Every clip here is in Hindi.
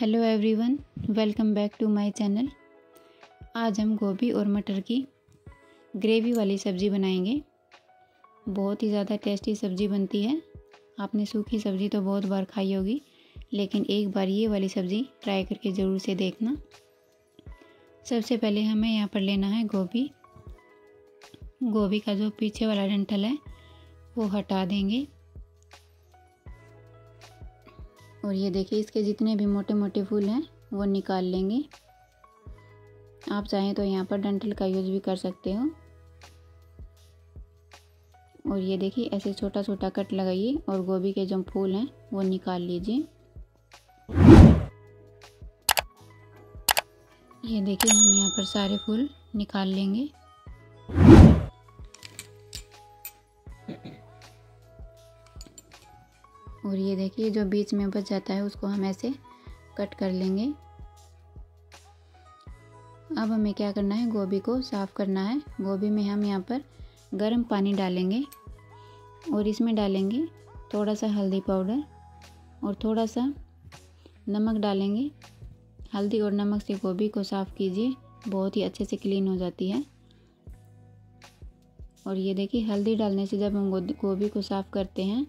hello everyone welcome back to my channel आज हम गोभी और मटर की ग्रेवी वाली सब्ज़ी बनाएंगे बहुत ही ज़्यादा टेस्टी सब्ज़ी बनती है आपने सूखी सब्ज़ी तो बहुत बार खाई होगी लेकिन एक बार ये वाली सब्ज़ी ट्राई करके ज़रूर से देखना सबसे पहले हमें यहाँ पर लेना है गोभी गोभी का जो पीछे वाला डंठल है वो हटा देंगे और ये देखिए इसके जितने भी मोटे मोटे फूल हैं वो निकाल लेंगे आप चाहें तो यहाँ पर डंटल का यूज़ भी कर सकते हो और ये देखिए ऐसे छोटा छोटा कट लगाइए और गोभी के जो फूल हैं वो निकाल लीजिए ये देखिए हम यहाँ पर सारे फूल निकाल लेंगे और ये देखिए जो बीच में बच जाता है उसको हम ऐसे कट कर लेंगे अब हमें क्या करना है गोभी को साफ़ करना है गोभी में हम यहाँ पर गर्म पानी डालेंगे और इसमें डालेंगे थोड़ा सा हल्दी पाउडर और थोड़ा सा नमक डालेंगे हल्दी और नमक से गोभी को साफ़ कीजिए बहुत ही अच्छे से क्लीन हो जाती है और ये देखिए हल्दी डालने से जब हम गोभी को साफ़ करते हैं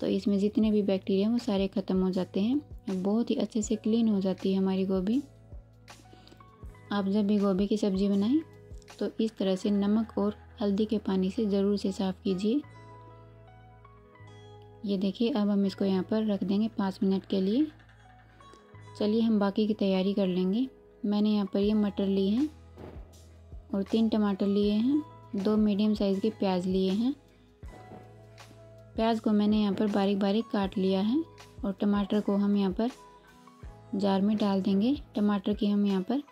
तो इसमें जितने भी बैक्टीरिया हैं वो सारे ख़त्म हो जाते हैं बहुत ही अच्छे से क्लीन हो जाती है हमारी गोभी आप जब भी गोभी की सब्ज़ी बनाएं तो इस तरह से नमक और हल्दी के पानी से ज़रूर से साफ़ कीजिए ये देखिए अब हम इसको यहाँ पर रख देंगे पाँच मिनट के लिए चलिए हम बाकी की तैयारी कर लेंगे मैंने यहाँ पर ये मटर लिए हैं और तीन टमाटर लिए हैं दो मीडियम साइज़ के प्याज लिए हैं प्याज को मैंने यहाँ पर बारीक बारीक काट लिया है और टमाटर को हम यहाँ पर जार में डाल देंगे टमाटर की हम यहाँ पर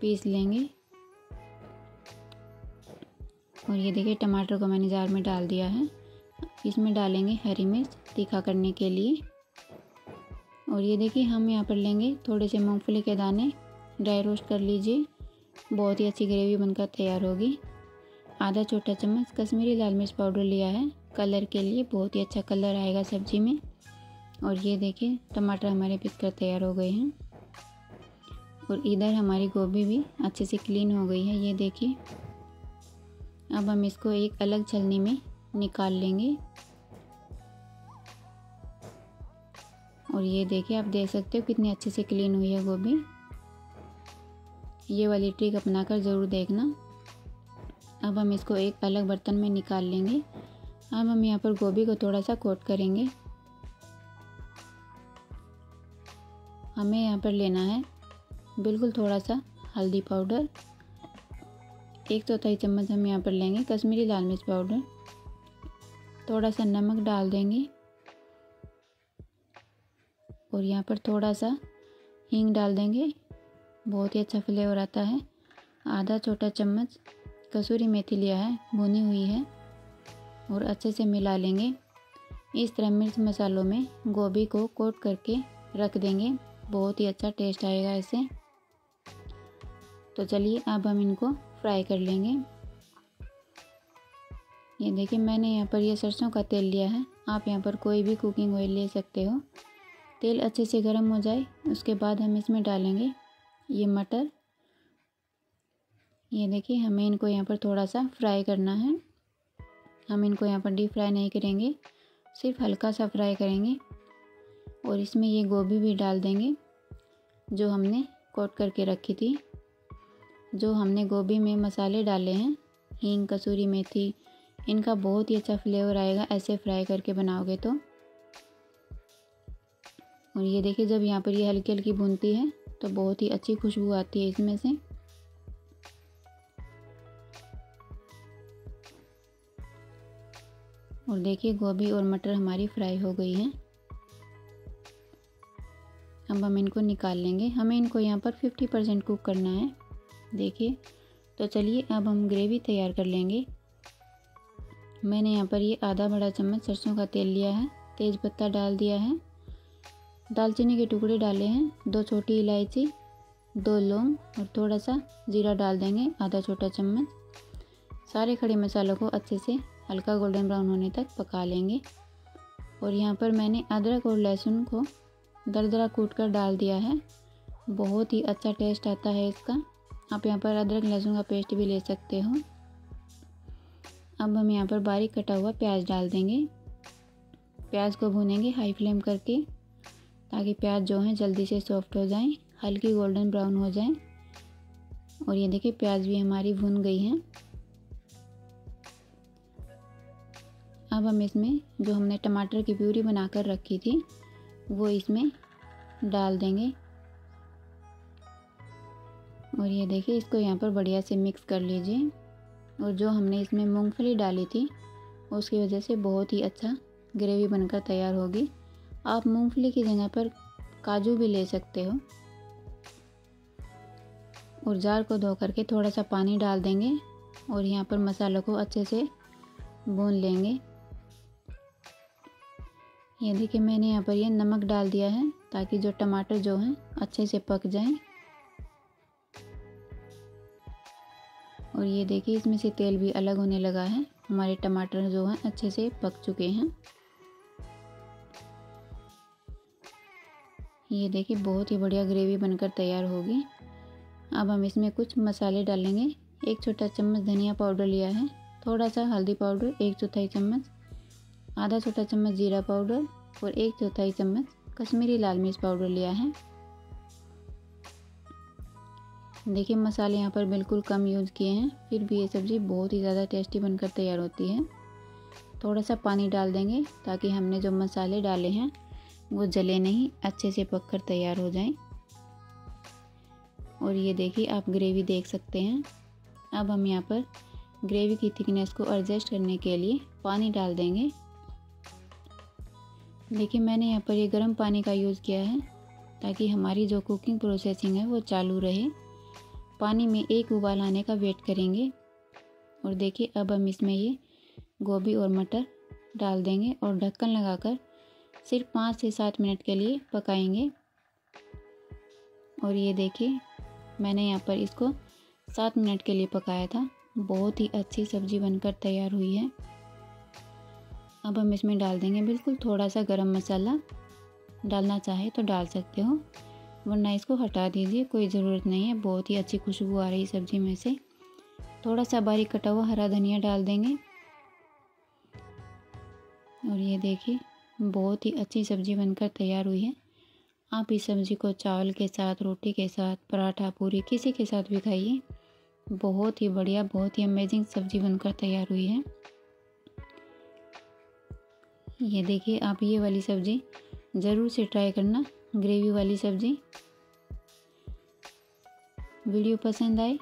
पीस लेंगे और ये देखिए टमाटर को मैंने जार में डाल दिया है इसमें डालेंगे हरी मिर्च तीखा करने के लिए और ये देखिए हम यहाँ पर लेंगे थोड़े से मूंगफली के दाने ड्राई रोस्ट कर लीजिए बहुत ही अच्छी ग्रेवी बनकर तैयार होगी आधा छोटा चम्मच कश्मीरी लाल मिर्च पाउडर लिया है कलर के लिए बहुत ही अच्छा कलर आएगा सब्जी में और ये देखिए टमाटर हमारे पिस कर तैयार हो गए हैं और इधर हमारी गोभी भी अच्छे से क्लीन हो गई है ये देखिए अब हम इसको एक अलग छलनी में निकाल लेंगे और ये देखिए आप देख सकते हो कितनी अच्छे से क्लीन हुई है गोभी ये वाली ट्रिक अपना कर ज़रूर देखना अब हम इसको एक अलग बर्तन में निकाल लेंगे अब हम यहाँ पर गोभी को थोड़ा सा कोट करेंगे हमें यहाँ पर लेना है बिल्कुल थोड़ा सा हल्दी पाउडर एक चौथाई चम्मच हम यहाँ पर लेंगे कश्मीरी लाल मिर्च पाउडर थोड़ा सा नमक डाल देंगे और यहाँ पर थोड़ा सा हींग डाल देंगे बहुत ही अच्छा फ्लेवर आता है आधा छोटा चम्मच कसूरी मेथी लिया है भुनी हुई है और अच्छे से मिला लेंगे इस तरह मिर्च मसालों में गोभी को कोट करके रख देंगे बहुत ही अच्छा टेस्ट आएगा इसे तो चलिए अब हम इनको फ्राई कर लेंगे ये देखिए मैंने यहाँ पर ये सरसों का तेल लिया है आप यहाँ पर कोई भी कुकिंग ऑयल ले सकते हो तेल अच्छे से गर्म हो जाए उसके बाद हम इसमें डालेंगे ये मटर ये देखिए हमें इनको यहाँ पर थोड़ा सा फ्राई करना है हम इनको यहाँ पर डीप फ्राई नहीं करेंगे सिर्फ हल्का सा फ्राई करेंगे और इसमें ये गोभी भी डाल देंगे जो हमने कोट करके रखी थी जो हमने गोभी में मसाले डाले हैं हींग कसूरी मेथी इनका बहुत ही अच्छा फ्लेवर आएगा ऐसे फ्राई करके बनाओगे तो और ये देखिए जब यहाँ पर ये हल्की हल्की भूनती है तो बहुत ही अच्छी खुशबू आती है इसमें से और देखिए गोभी और मटर हमारी फ्राई हो गई हैं अब हम इनको निकाल लेंगे हमें इनको यहाँ पर 50 परसेंट कुक करना है देखिए तो चलिए अब हम ग्रेवी तैयार कर लेंगे मैंने यहाँ पर ये आधा बड़ा चम्मच सरसों का तेल लिया है तेज़ पत्ता डाल दिया है दालचीनी के टुकड़े डाले हैं दो छोटी इलायची दो लौंग और थोड़ा सा ज़ीरा डाल देंगे आधा छोटा चम्मच सारे खड़े मसालों को अच्छे से हल्का गोल्डन ब्राउन होने तक पका लेंगे और यहाँ पर मैंने अदरक और लहसुन को दरदरा कूट कर डाल दिया है बहुत ही अच्छा टेस्ट आता है इसका आप यहाँ पर अदरक लहसुन का पेस्ट भी ले सकते हो अब हम यहाँ पर बारीक कटा हुआ प्याज डाल देंगे प्याज को भूनेंगे हाई फ्लेम करके ताकि प्याज जो है जल्दी से सॉफ्ट हो जाए हल्की गोल्डन ब्राउन हो जाए और ये देखिए प्याज भी हमारी भुन गई है अब हम इसमें जो हमने टमाटर की प्यूरी बनाकर रखी थी वो इसमें डाल देंगे और ये देखिए इसको यहाँ पर बढ़िया से मिक्स कर लीजिए और जो हमने इसमें मूंगफली डाली थी उसकी वजह से बहुत ही अच्छा ग्रेवी बनकर तैयार होगी आप मूंगफली की जगह पर काजू भी ले सकते हो और जार को धो करके थोड़ा सा पानी डाल देंगे और यहाँ पर मसालों को अच्छे से भून लेंगे ये देखिए मैंने यहाँ पर ये नमक डाल दिया है ताकि जो टमाटर जो हैं अच्छे से पक जाए और ये देखिए इसमें से तेल भी अलग होने लगा है हमारे टमाटर जो हैं अच्छे से पक चुके हैं ये देखिए बहुत ही बढ़िया ग्रेवी बनकर तैयार होगी अब हम इसमें कुछ मसाले डालेंगे एक छोटा चम्मच धनिया पाउडर लिया है थोड़ा सा हल्दी पाउडर एक चौथाई चम्मच आधा छोटा चम्मच जीरा पाउडर और एक चौथाई चम्मच कश्मीरी लाल मिर्च पाउडर लिया है देखिए मसाले यहाँ पर बिल्कुल कम यूज़ किए हैं फिर भी ये सब्ज़ी बहुत ही ज़्यादा टेस्टी बनकर तैयार होती है थोड़ा सा पानी डाल देंगे ताकि हमने जो मसाले डाले हैं वो जले नहीं अच्छे से कर तैयार हो जाएं और ये देखिए आप ग्रेवी देख सकते हैं अब हम यहाँ पर ग्रेवी की थिकनेस को एडजस्ट करने के लिए पानी डाल देंगे देखिए मैंने यहाँ पर ये गर्म पानी का यूज़ किया है ताकि हमारी जो कुकिंग प्रोसेसिंग है वो चालू रहे पानी में एक उबाल आने का वेट करेंगे और देखिए अब हम इसमें ये गोभी और मटर डाल देंगे और ढक्कन लगाकर सिर्फ पाँच से सात मिनट के लिए पकाएंगे और ये देखिए मैंने यहाँ पर इसको सात मिनट के लिए पकाया था बहुत ही अच्छी सब्ज़ी बनकर तैयार हुई है अब हम इसमें डाल देंगे बिल्कुल थोड़ा सा गरम मसाला डालना चाहे तो डाल सकते हो वरना इसको हटा दीजिए कोई ज़रूरत नहीं है बहुत ही अच्छी खुशबू आ रही है सब्ज़ी में से थोड़ा सा बारीक कटा हुआ हरा धनिया डाल देंगे और ये देखिए बहुत ही अच्छी सब्ज़ी बनकर तैयार हुई है आप इस सब्ज़ी को चावल के साथ रोटी के साथ पराठा पूरी किसी के साथ भी खाइए बहुत ही बढ़िया बहुत ही अमेजिंग सब्ज़ी बनकर तैयार हुई है ये देखिए आप ये वाली सब्ज़ी ज़रूर से ट्राई करना ग्रेवी वाली सब्ज़ी वीडियो पसंद आए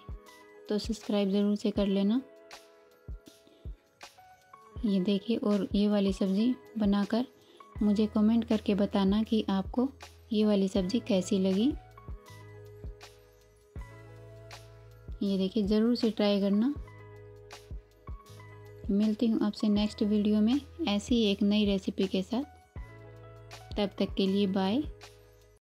तो सब्सक्राइब ज़रूर से कर लेना ये देखिए और ये वाली सब्ज़ी बनाकर मुझे कमेंट करके बताना कि आपको ये वाली सब्ज़ी कैसी लगी ये देखिए ज़रूर से ट्राई करना मिलती हूँ आपसे नेक्स्ट वीडियो में ऐसी एक नई रेसिपी के साथ तब तक के लिए बाय